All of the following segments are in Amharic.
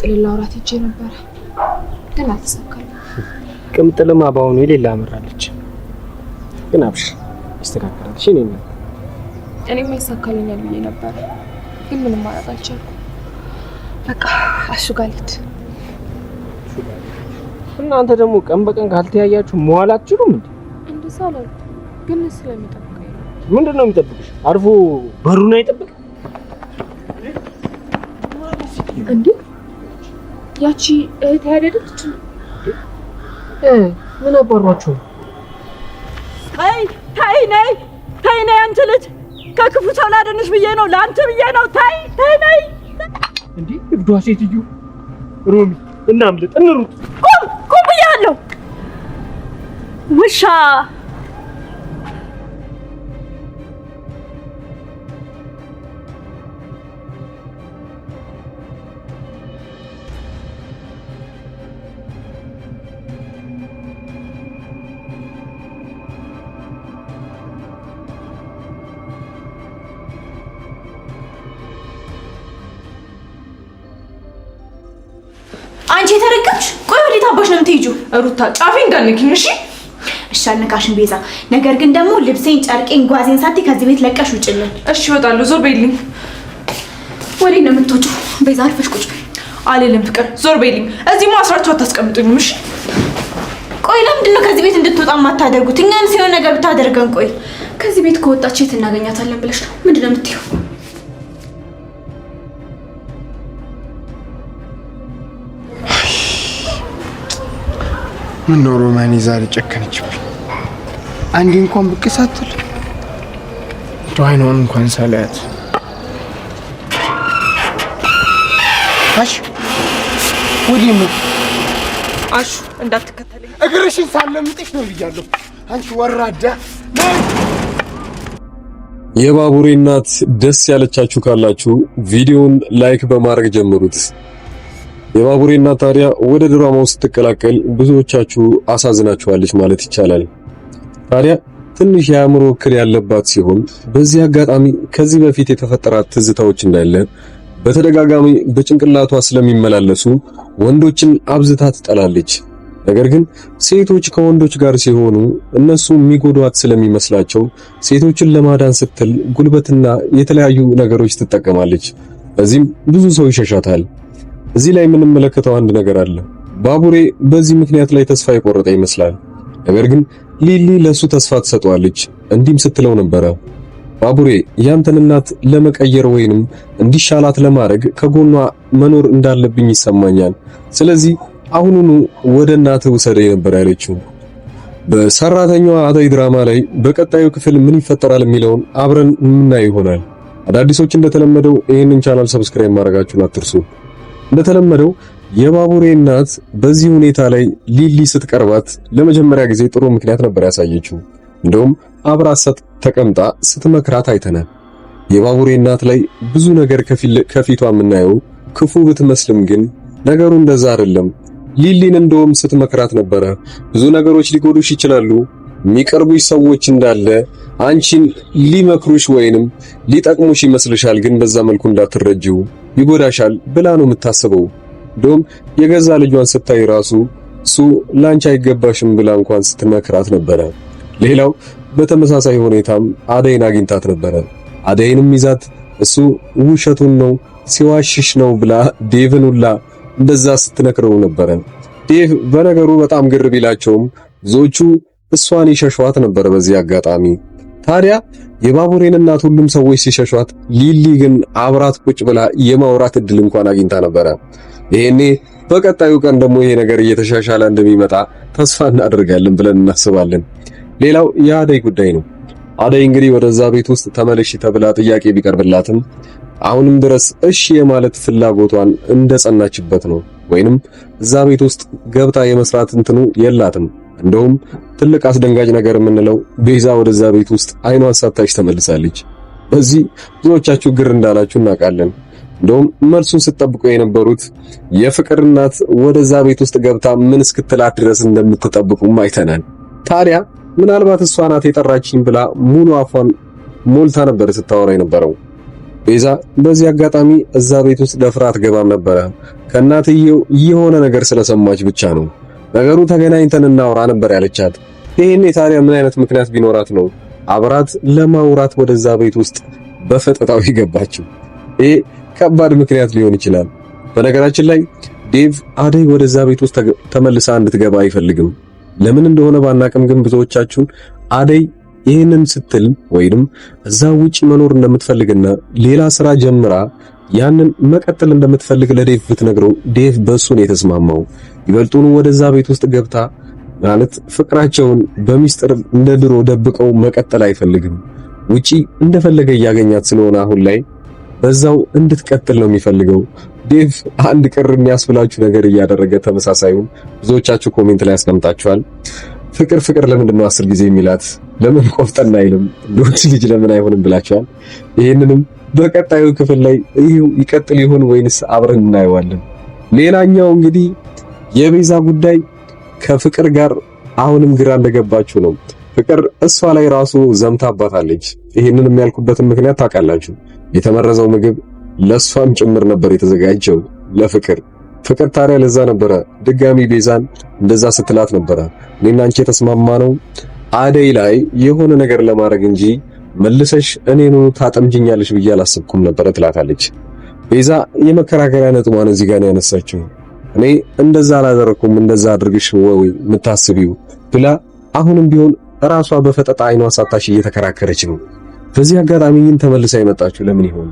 ቅምጥል ላውራት ሄጄ ነበረ ግን አልተሳካልም። ቅምጥልማ በአሁኑ የሌላ አምራለች። ግን አብሽ ይስተካከላል። እሺ እኔ እኔም እኔማ ይሳካልኛል ብዬ ነበረ ግን ምንም ማድረግ አልቻልኩም። በቃ አሹጋሊት እናንተ ደግሞ ቀን በቀን ካልተያያችሁ መዋል አትችሉም እንዴ? እንደዛ አላልኩም ግን ስለሚጠብቀኝ ምንድን ነው የሚጠብቅሽ? አርፎ በሩን አይጠብቅ እንዴ? ያቺ እህት ያደረች እ ምን አባሯቸው? ተይ ተይ፣ ነይ ተይ፣ ነይ አንቺ ልጅ ከክፉ ሰው ላድንሽ ብዬ ነው፣ ለአንቺ ብዬ ነው። ተይ ተይ፣ ነይ። እንዴ እብዷ ሴትዮ ሩሚ፣ እናምልጥ፣ እንሩጥ። ቁም ቁም ብያለሁ። ውሻ አንቺ የተረገምሽ፣ ቆይ ወዴት አባሽ ነው የምትሄጂው? ሩታ ጫፊ እንዳንኪኝ እሺ። እሺ አልነካሽም ቤዛ። ነገር ግን ደግሞ ልብሴን፣ ጨርቄን፣ ጓዜን ሳትይ ከዚህ ቤት ለቀሽ ውጭልን። እሺ እወጣለሁ። ዞር በይልኝ። ወዴት ነው የምትወጪው? ቤዛ አርፈሽ ቁጭ አልልም። ፍቅር ዞር በይልኝ። እዚህ ማስራችሁ አታስቀምጡኝም። እሺ ቆይ ለምንድን ነው ከዚህ ቤት እንድትወጣ የማታደርጉት? እኛን ሲሆን ነገር ብታደርገን። ቆይ ከዚህ ቤት ከወጣች የት እናገኛታለን ብለሽ ነው? ምንድን ነው የምትይው? ምን ነው ሮማኔ ዛሬ ጨከነችብኝ። አንዴ እንኳን ብቅ ሳትል አይኗን እንኳን ሳላያት አሽ ወዲህ ነው አሹ፣ እንዳትከተለኝ እግርሽን ሳለምጥሽ ነው ብያለሁ። አንቺ ወራዳ የባቡሬ እናት ደስ ያለቻችሁ ካላችሁ ቪዲዮውን ላይክ በማድረግ ጀምሩት። የባቡሬ እናት ታዲያ ወደ ድራማው ስትቀላቀል ብዙዎቻችሁ አሳዝናችኋለች ማለት ይቻላል። ታዲያ ትንሽ የአእምሮ እክል ያለባት ሲሆን በዚህ አጋጣሚ ከዚህ በፊት የተፈጠራት ትዝታዎች እንዳለ በተደጋጋሚ በጭንቅላቷ ስለሚመላለሱ ወንዶችን አብዝታ ትጠላለች። ነገር ግን ሴቶች ከወንዶች ጋር ሲሆኑ እነሱ የሚጎዷት ስለሚመስላቸው ሴቶችን ለማዳን ስትል ጉልበትና የተለያዩ ነገሮች ትጠቀማለች። በዚህም ብዙ ሰው ይሸሻታል። እዚህ ላይ የምንመለከተው አንድ ነገር አለ። ባቡሬ በዚህ ምክንያት ላይ ተስፋ የቆረጠ ይመስላል። ነገር ግን ሊሊ ለሱ ተስፋ ትሰጠዋለች። እንዲህም ስትለው ነበረ ባቡሬ ያንተን እናት ለመቀየር ወይንም እንዲሻላት ለማድረግ ከጎኗ መኖር እንዳለብኝ ይሰማኛል። ስለዚህ አሁኑኑ ወደ እናትህ ውሰደኝ ነበር ያለችው። በሰራተኛዋ አደይ ድራማ ላይ በቀጣዩ ክፍል ምን ይፈጠራል የሚለውን አብረን የምናየው ይሆናል። አዳዲሶች እንደተለመደው ይህንን ቻናል ሰብስክራይብ ማድረጋችሁን አትርሱ። እንደተለመደው የባቡሬ እናት በዚህ ሁኔታ ላይ ሊሊ ስትቀርባት ለመጀመሪያ ጊዜ ጥሩ ምክንያት ነበር ያሳየችው። እንደውም አብራ ተቀምጣ ስትመክራት አይተናል። የባቡሬ እናት ላይ ብዙ ነገር ከፊቷ የምናየው ክፉ ብትመስልም ግን ነገሩ እንደዛ አይደለም። ሊሊን እንደውም ስትመክራት ነበረ። ብዙ ነገሮች ሊጎዱሽ ይችላሉ የሚቀርቡሽ ሰዎች እንዳለ አንቺን ሊመክሩሽ ወይንም ሊጠቅሙሽ ይመስልሻል። ግን በዛ መልኩ እንዳትረጅው ይጎዳሻል ብላ ነው የምታስበው። ዶም የገዛ ልጇን ስታይ ራሱ እሱ ላንቺ አይገባሽም ብላ እንኳን ስትመክራት ነበረ። ሌላው በተመሳሳይ ሁኔታም አደይን አግኝታት ነበረ። አደይንም ይዛት እሱ ውሸቱን ነው ሲዋሽሽ ነው ብላ ዴቭን ሁላ እንደዛ ስትነክረው ነበረ። ዴቭ በነገሩ በጣም ግር ቢላቸውም ብዙዎቹ እሷን ይሸሸዋት ነበር። በዚህ አጋጣሚ ታዲያ የባቡሬን እናት ሁሉም ሰዎች ሲሸሸዋት ሊሊ ግን አብራት ቁጭ ብላ የማውራት እድል እንኳን አግኝታ ነበረ። ይሄኔ በቀጣዩ ቀን ደግሞ ይሄ ነገር እየተሻሻለ እንደሚመጣ ተስፋ እናደርጋለን ብለን እናስባለን። ሌላው የአደይ ጉዳይ ነው። አደይ እንግዲህ ወደዛ ቤት ውስጥ ተመለሽ ተብላ ጥያቄ ቢቀርብላትም አሁንም ድረስ እሺ የማለት ፍላጎቷን እንደጸናችበት ነው። ወይንም እዛ ቤት ውስጥ ገብታ የመስራት እንትኑ የላትም። እንደውም ትልቅ አስደንጋጭ ነገር የምንለው ቤዛ ወደዛ ቤት ውስጥ አይኗን ሳታይሽ ተመልሳለች። በዚህ ብዙዎቻችሁ ግር እንዳላችሁ እናውቃለን። እንደውም መልሱን ስትጠብቁ የነበሩት የፍቅር እናት ወደዛ ቤት ውስጥ ገብታ ምን እስክትላት ድረስ እንደምትጠብቁም አይተናል። ታዲያ ምናልባት እሷ ናት የጠራችኝ ብላ ሙሉ አፏን ሞልታ ነበር ስታወራ የነበረው። ቤዛ በዚህ አጋጣሚ እዛ ቤት ውስጥ ደፍራ አትገባም ነበረ ከእናትየው የሆነ ነገር ስለሰማች ብቻ ነው። ነገሩ ተገናኝተን እናውራ ነበር ያለቻት። ይህን ታዲያ ምን አይነት ምክንያት ቢኖራት ነው አብራት ለማውራት ወደዛ ቤት ውስጥ በፈጠጣው የገባችው? ይ ከባድ ምክንያት ሊሆን ይችላል። በነገራችን ላይ ዴቭ አደይ ወደዛ ቤት ውስጥ ተመልሳ እንድትገባ አይፈልግም። ለምን እንደሆነ ባናቅም፣ ግን ብዙዎቻችሁን አደይ ይህንን ስትል ወይንም እዛ ውጪ መኖር እንደምትፈልግና ሌላ ስራ ጀምራ ያንን መቀጠል እንደምትፈልግ ለዴቭ ብትነግረው ዴቭ በሱ ነው የተስማማው። ይበልጡኑ ወደዛ ቤት ውስጥ ገብታ ማለት ፍቅራቸውን በሚስጥር እንደ ድሮ ደብቀው መቀጠል አይፈልግም። ውጪ እንደፈለገ እያገኛት ስለሆነ አሁን ላይ በዛው እንድትቀጥል ነው የሚፈልገው። ዴቭ አንድ ቅር የሚያስብላችሁ ነገር እያደረገ ተመሳሳዩን ብዙዎቻችሁ ኮሜንት ላይ አስቀምጣችኋል። ፍቅር ፍቅር ለምንድን ነው አስር ጊዜ የሚላት? ለምን ቆፍጠን አይልም? ወንድ ልጅ ለምን አይሆንም ብላችኋል። ይህንንም በቀጣዩ ክፍል ላይ ይቀጥል ይሆን ወይንስ አብረን እናየዋለን? ሌላኛው እንግዲህ የቤዛ ጉዳይ ከፍቅር ጋር አሁንም ግራ እንደገባችሁ ነው። ፍቅር እሷ ላይ ራሱ ዘምታባታለች። ይህንን የሚያልኩበትን ምክንያት ታውቃላችሁ። የተመረዘው ምግብ ለእሷም ጭምር ነበር የተዘጋጀው ለፍቅር። ፍቅር ታዲያ ለዛ ነበረ ድጋሚ ቤዛን እንደዛ ስትላት ነበረ እኔና አንቺ የተስማማ ነው አደይ ላይ የሆነ ነገር ለማድረግ እንጂ መልሰሽ እኔኑ ታጠምጅኛለሽ ብዬ አላሰብኩም ነበረ ትላታለች። ቤዛ የመከራከሪያ ነጥቧን እዚህ ጋር ነው ያነሳችው። እኔ እንደዛ አላደረኩም እንደዛ አድርግሽ ወይ የምታስቢው ብላ አሁንም ቢሆን ራሷ በፈጠጣ አይኗ ሳታሽ እየተከራከረች ነው። በዚህ አጋጣሚ ግን ተመልሳ የመጣችው ለምን ይሆን?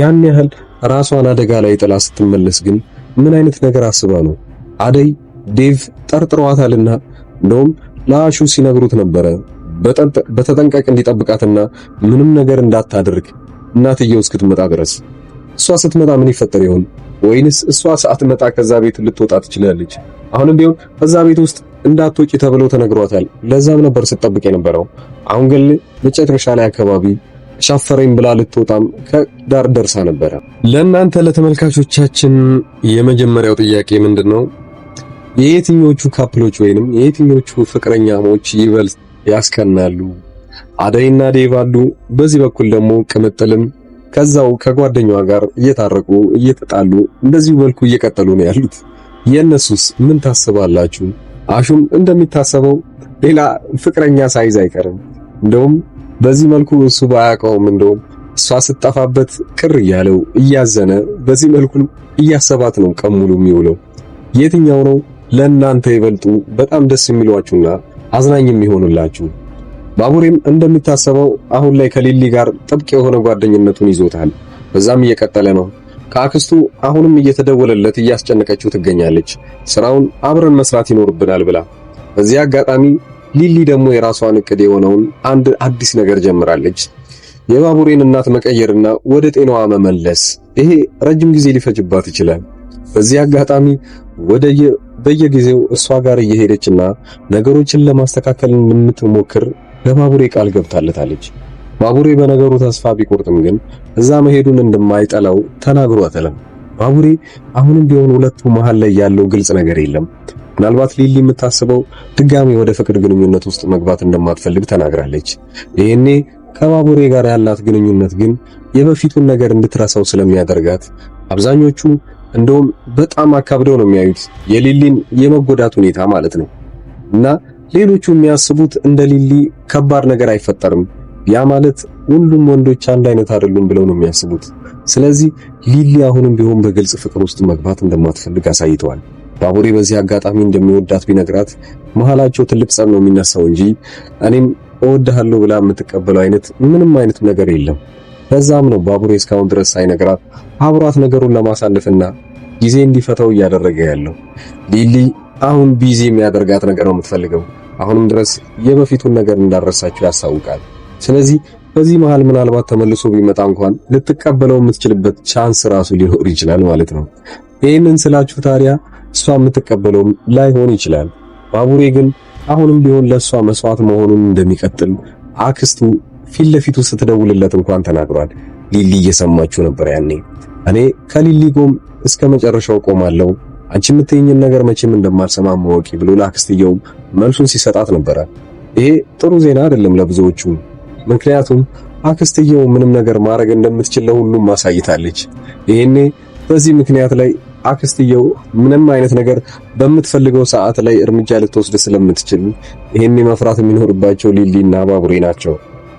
ያን ያህል ራሷን አደጋ ላይ ጥላ ስትመለስ ግን ምን አይነት ነገር አስባ ነው? አደይ ዴቭ ጠርጥሯታልና እንደውም ለአሹ ሲነግሩት ነበረ በተጠንቀቅ እንዲጠብቃትና ምንም ነገር እንዳታደርግ እናትየው እስክትመጣ ድረስ። እሷ ስትመጣ ምን ይፈጠር ይሆን? ወይንስ እሷ ሳትመጣ ከዛ ቤት ልትወጣ ትችላለች? አሁንም ቢሆን በዛ ቤት ውስጥ እንዳትወጪ ተብሎ ተነግሯታል። ለዛም ነበር ስትጠብቅ የነበረው። አሁን ግን መጨረሻ ላይ አካባቢ ሻፈረኝ ብላ ልትወጣም ከዳር ደርሳ ነበረ። ለእናንተ ለተመልካቾቻችን የመጀመሪያው ጥያቄ ምንድን ነው? የየትኞቹ ካፕሎች ወይንም የየትኞቹ ፍቅረኛሞች ይበልጥ ያስቀናሉ? አደይና ዴቭ አሉ። በዚህ በኩል ደግሞ ቅምጥልም ከዛው ከጓደኛዋ ጋር እየታረቁ እየተጣሉ እንደዚሁ መልኩ እየቀጠሉ ነው ያሉት። የእነሱስ ምን ታስባላችሁ? አሹም እንደሚታሰበው ሌላ ፍቅረኛ ሳይዝ አይቀርም። እንደውም በዚህ መልኩ እሱ ባያውቀውም እንደውም እሷ ስትጠፋበት ቅር እያለው እያዘነ በዚህ መልኩ እያሰባት ነው ቀን ሙሉ የሚውለው። የትኛው ነው ለእናንተ ይበልጡ በጣም ደስ የሚሏችሁና አዝናኝ ይሆኑላችሁ? ባቡሬም እንደሚታሰበው አሁን ላይ ከሊሊ ጋር ጥብቅ የሆነ ጓደኝነቱን ይዞታል። በዛም እየቀጠለ ነው። ከአክስቱ አሁንም እየተደወለለት እያስጨነቀችው ትገኛለች። ስራውን አብረን መስራት ይኖርብናል ብላ። በዚህ አጋጣሚ ሊሊ ደግሞ የራሷን እቅድ የሆነውን አንድ አዲስ ነገር ጀምራለች። የባቡሬን እናት መቀየርና ወደ ጤናዋ መመለስ። ይሄ ረጅም ጊዜ ሊፈጅባት ይችላል። በዚህ አጋጣሚ ወደ በየጊዜው እሷ ጋር እየሄደችና ነገሮችን ለማስተካከል የምትሞክር ለባቡሬ ቃል ገብታለታለች። ባቡሬ በነገሩ ተስፋ ቢቆርጥም ግን እዛ መሄዱን እንደማይጠላው ተናግሯታልም። ባቡሬ አሁንም ቢሆን ሁለቱ መሃል ላይ ያለው ግልጽ ነገር የለም። ምናልባት ሊሊ የምታስበው ድጋሚ ወደ ፍቅር ግንኙነት ውስጥ መግባት እንደማትፈልግ ተናግራለች። ይሄኔ ከባቡሬ ጋር ያላት ግንኙነት ግን የበፊቱን ነገር እንድትረሳው ስለሚያደርጋት አብዛኞቹ እንደውም በጣም አካብደው ነው የሚያዩት የሊሊን የመጎዳት ሁኔታ ማለት ነው እና ሌሎቹ የሚያስቡት እንደ ሊሊ ከባድ ነገር አይፈጠርም፣ ያ ማለት ሁሉም ወንዶች አንድ አይነት አይደሉም ብለው ነው የሚያስቡት። ስለዚህ ሊሊ አሁንም ቢሆን በግልጽ ፍቅር ውስጥ መግባት እንደማትፈልግ አሳይተዋል። ባቡሬ በዚህ አጋጣሚ እንደሚወዳት ቢነግራት መሃላቸው ትልቅ ጸብ ነው የሚነሳው እንጂ እኔም እወድሃለሁ ብላ የምትቀበለው አይነት ምንም አይነት ነገር የለም። በዛም ነው ባቡሬ እስካሁን ድረስ ሳይነግራት አብሯት ነገሩን ለማሳለፍና ጊዜ እንዲፈታው እያደረገ ያለው። ሊሊ አሁን ቢዚ የሚያደርጋት ነገር ነው የምትፈልገው። አሁንም ድረስ የበፊቱን ነገር እንዳረሳችሁ ያሳውቃል። ስለዚህ በዚህ መሃል ምናልባት ተመልሶ ቢመጣ እንኳን ልትቀበለው የምትችልበት ቻንስ ራሱ ሊኖር ይችላል ማለት ነው። ይህንን ስላችሁ ታዲያ እሷ የምትቀበለውም ላይሆን ይችላል። ባቡሬ ግን አሁንም ቢሆን ለእሷ መስዋዕት መሆኑን እንደሚቀጥል አክስቱ ፊት ለፊቱ ስትደውልለት እንኳን ተናግሯል። ሊሊ እየሰማችሁ ነበር። ያኔ እኔ ከሊሊ ጎም እስከ መጨረሻው ቆማለሁ አንቺ የምትይኝን ነገር መቼም እንደማልሰማ ማወቂ ብሎ ለአክስትየው መልሱን ሲሰጣት ነበረ። ይሄ ጥሩ ዜና አይደለም ለብዙዎቹ፣ ምክንያቱም አክስትየው ምንም ነገር ማድረግ እንደምትችል ለሁሉም ማሳይታለች። ይሄኔ በዚህ ምክንያት ላይ አክስትየው ምንም አይነት ነገር በምትፈልገው ሰዓት ላይ እርምጃ ልትወስድ ስለምትችል ይሄኔ መፍራት የሚኖርባቸው ሊሊና ባቡሬ ናቸው።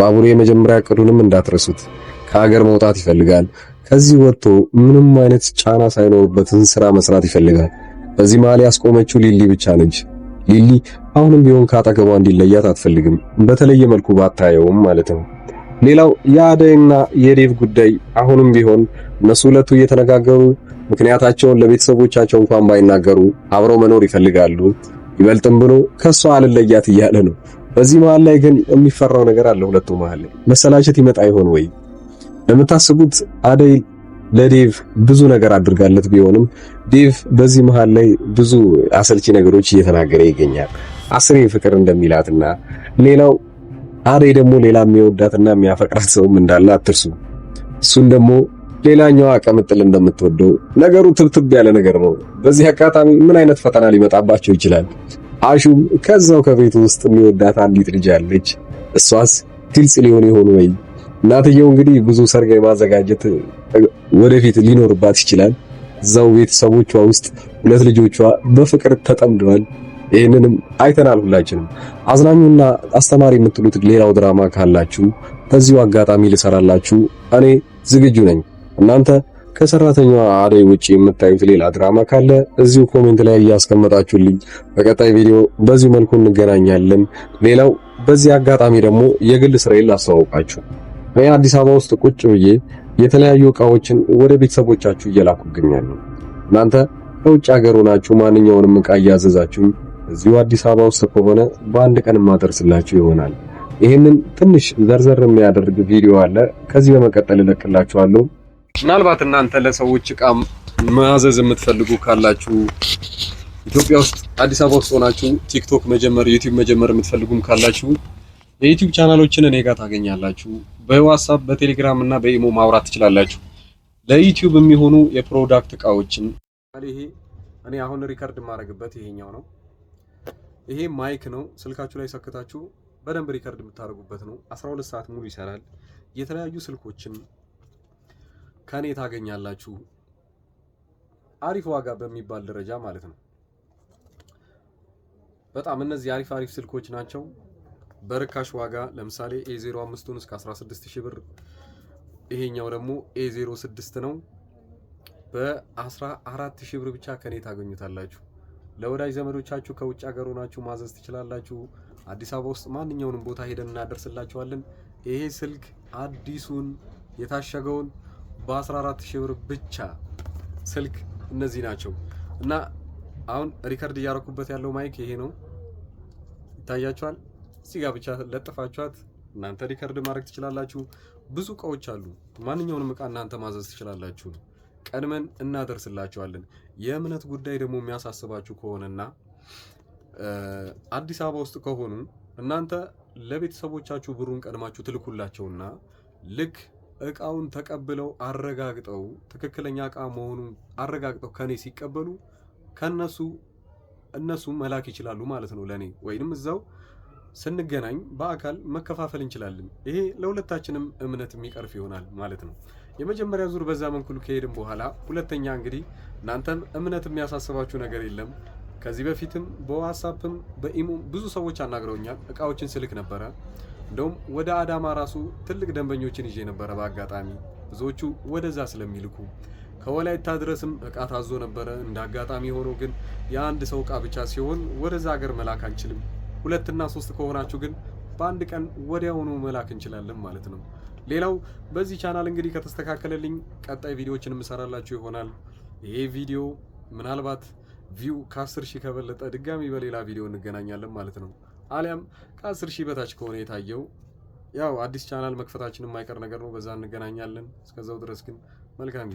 ባቡሬ የመጀመሪያ እቅዱንም እንዳትረሱት። ከሀገር መውጣት ይፈልጋል። ከዚህ ወጥቶ ምንም አይነት ጫና ሳይኖርበትን ስራ መስራት ይፈልጋል። በዚህ መሃል ያስቆመችው ሊሊ ብቻ ነች። ሊሊ አሁንም ቢሆን ከአጠገቧ እንዲለያት አትፈልግም፣ በተለየ መልኩ ባታየውም ማለት ነው። ሌላው የአደይና የዴቭ ጉዳይ አሁንም ቢሆን እነሱ ሁለቱ እየተነጋገሩ ምክንያታቸውን ለቤተሰቦቻቸው እንኳን ባይናገሩ አብረው መኖር ይፈልጋሉ። ይበልጥም ብሎ ከሷ አልለያት እያለ ነው። በዚህ መሃል ላይ ግን የሚፈራው ነገር አለ። ሁለቱ መሃል ላይ መሰላቸት ይመጣ ይሆን ወይ? እንደምታስቡት አደይ ለዴቭ ብዙ ነገር አድርጋለት ቢሆንም ዴቭ በዚህ መሃል ላይ ብዙ አሰልቺ ነገሮች እየተናገረ ይገኛል። አስሬ ፍቅር እንደሚላትና ሌላው አደይ ደግሞ ሌላ የሚወዳትና የሚያፈቅራት ሰውም እንዳለ አትርሱ። እሱን ደግሞ ሌላኛዋ ቀምጥል እንደምትወደው ነገሩ ትብትብ ያለ ነገር ነው። በዚህ አጋጣሚ ምን አይነት ፈተና ሊመጣባቸው ይችላል? አሹም ከዛው ከቤት ውስጥ የሚወዳት አንዲት ልጅ አለች። እሷስ ግልጽ ሊሆን ይሆን ወይ እናትየው እንግዲህ ብዙ ሰርግ የማዘጋጀት ወደፊት ሊኖርባት ይችላል። እዛው ቤተሰቦቿ ውስጥ ሁለት ልጆቿ በፍቅር ተጠምደዋል። ይህንንም አይተናል ሁላችንም። አዝናኙና አስተማሪ የምትሉት ሌላው ድራማ ካላችሁ በዚሁ አጋጣሚ ልሰራላችሁ እኔ ዝግጁ ነኝ። እናንተ ከሰራተኛዋ አደይ ውጪ የምታዩት ሌላ ድራማ ካለ እዚሁ ኮሜንት ላይ እያስቀመጣችሁልኝ በቀጣይ ቪዲዮ በዚሁ መልኩ እንገናኛለን። ሌላው በዚህ አጋጣሚ ደግሞ የግል ስራዬን ላስተዋውቃችሁ። እኔ አዲስ አበባ ውስጥ ቁጭ ብዬ የተለያዩ እቃዎችን ወደ ቤተሰቦቻችሁ እየላኩ እገኛለሁ። እናንተ ከውጭ ሀገር ሆናችሁ ማንኛውንም እቃ እያዘዛችሁኝ እዚሁ አዲስ አበባ ውስጥ ከሆነ በአንድ ቀን ማደርስላችሁ ይሆናል። ይህንን ትንሽ ዘርዘር የሚያደርግ ቪዲዮ አለ፣ ከዚህ በመቀጠል እለቅላችኋለሁ። ምናልባት እናንተ ለሰዎች እቃ ማዘዝ የምትፈልጉ ካላችሁ ኢትዮጵያ ውስጥ አዲስ አበባ ውስጥ ሆናችሁ ቲክቶክ መጀመር፣ ዩቲዩብ መጀመር የምትፈልጉም ካላችሁ የዩቲዩብ ቻናሎችን እኔ ጋር ታገኛላችሁ። በዋትሳፕ በቴሌግራም እና በኢሞ ማውራት ትችላላችሁ። ለዩቲዩብ የሚሆኑ የፕሮዳክት እቃዎችን ይሄ እኔ አሁን ሪከርድ የማደርግበት ይሄኛው ነው። ይሄ ማይክ ነው። ስልካችሁ ላይ ሰክታችሁ በደንብ ሪከርድ የምታደርጉበት ነው። 12 ሰዓት ሙሉ ይሰራል። የተለያዩ ስልኮችን ከኔ ታገኛላችሁ። አሪፍ ዋጋ በሚባል ደረጃ ማለት ነው። በጣም እነዚህ አሪፍ አሪፍ ስልኮች ናቸው። በርካሽ ዋጋ ለምሳሌ ኤ05ቱን እስከ 16 ብር፣ ይሄኛው ደግሞ ኤ06 ነው። በ14000 ብር ብቻ ከኔ ታገኙታላችሁ። ለወዳጅ ዘመዶቻችሁ ከውጭ ሀገር ሆናችሁ ማዘዝ ትችላላችሁ። አዲስ አበባ ውስጥ ማንኛውንም ቦታ ሄደን እናደርስላችኋለን። ይሄ ስልክ አዲሱን የታሸገውን በ14 ሺህ ብር ብቻ ስልክ እነዚህ ናቸው እና አሁን ሪከርድ እያረኩበት ያለው ማይክ ይሄ ነው፣ ይታያችኋል። እዚህ ጋር ብቻ ለጥፋችኋት እናንተ ሪከርድ ማድረግ ትችላላችሁ። ብዙ እቃዎች አሉ። ማንኛውንም እቃ እናንተ ማዘዝ ትችላላችሁ። ቀድመን እናደርስላችኋለን። የእምነት ጉዳይ ደግሞ የሚያሳስባችሁ ከሆነና አዲስ አበባ ውስጥ ከሆኑ እናንተ ለቤተሰቦቻችሁ ብሩን ቀድማችሁ ትልኩላቸውና ልክ እቃውን ተቀብለው አረጋግጠው ትክክለኛ እቃ መሆኑን አረጋግጠው ከኔ ሲቀበሉ ከነሱ እነሱ መላክ ይችላሉ ማለት ነው ለእኔ ወይንም እዛው ስንገናኝ በአካል መከፋፈል እንችላለን። ይሄ ለሁለታችንም እምነት የሚቀርፍ ይሆናል ማለት ነው። የመጀመሪያ ዙር በዛ መንኩል ከሄድን በኋላ ሁለተኛ እንግዲህ እናንተም እምነት የሚያሳስባችሁ ነገር የለም። ከዚህ በፊትም በዋትሳፕም በኢሞ ብዙ ሰዎች አናግረውኛል። እቃዎችን ስልክ ነበረ። እንደውም ወደ አዳማ ራሱ ትልቅ ደንበኞችን ይዤ ነበረ በአጋጣሚ ብዙዎቹ ወደዛ ስለሚልኩ ከወላይታ ድረስም እቃ ታዞ ነበረ። እንደ አጋጣሚ ሆኖ ግን የአንድ ሰው እቃ ብቻ ሲሆን ወደዛ ሀገር መላክ አንችልም ሁለትና ሶስት ከሆናችሁ ግን በአንድ ቀን ወዲያውኑ መላክ እንችላለን ማለት ነው። ሌላው በዚህ ቻናል እንግዲህ ከተስተካከለልኝ ቀጣይ ቪዲዮዎችን የምሰራላችሁ ይሆናል። ይሄ ቪዲዮ ምናልባት ቪው ከ ሺህ ከበለጠ ድጋሚ በሌላ ቪዲዮ እንገናኛለን ማለት ነው። አሊያም ከ ሺህ በታች ከሆነ የታየው ያው አዲስ ቻናል መክፈታችን የማይቀር ነገር ነው። በዛ እንገናኛለን። እስከዛው ድረስ ግን መልካም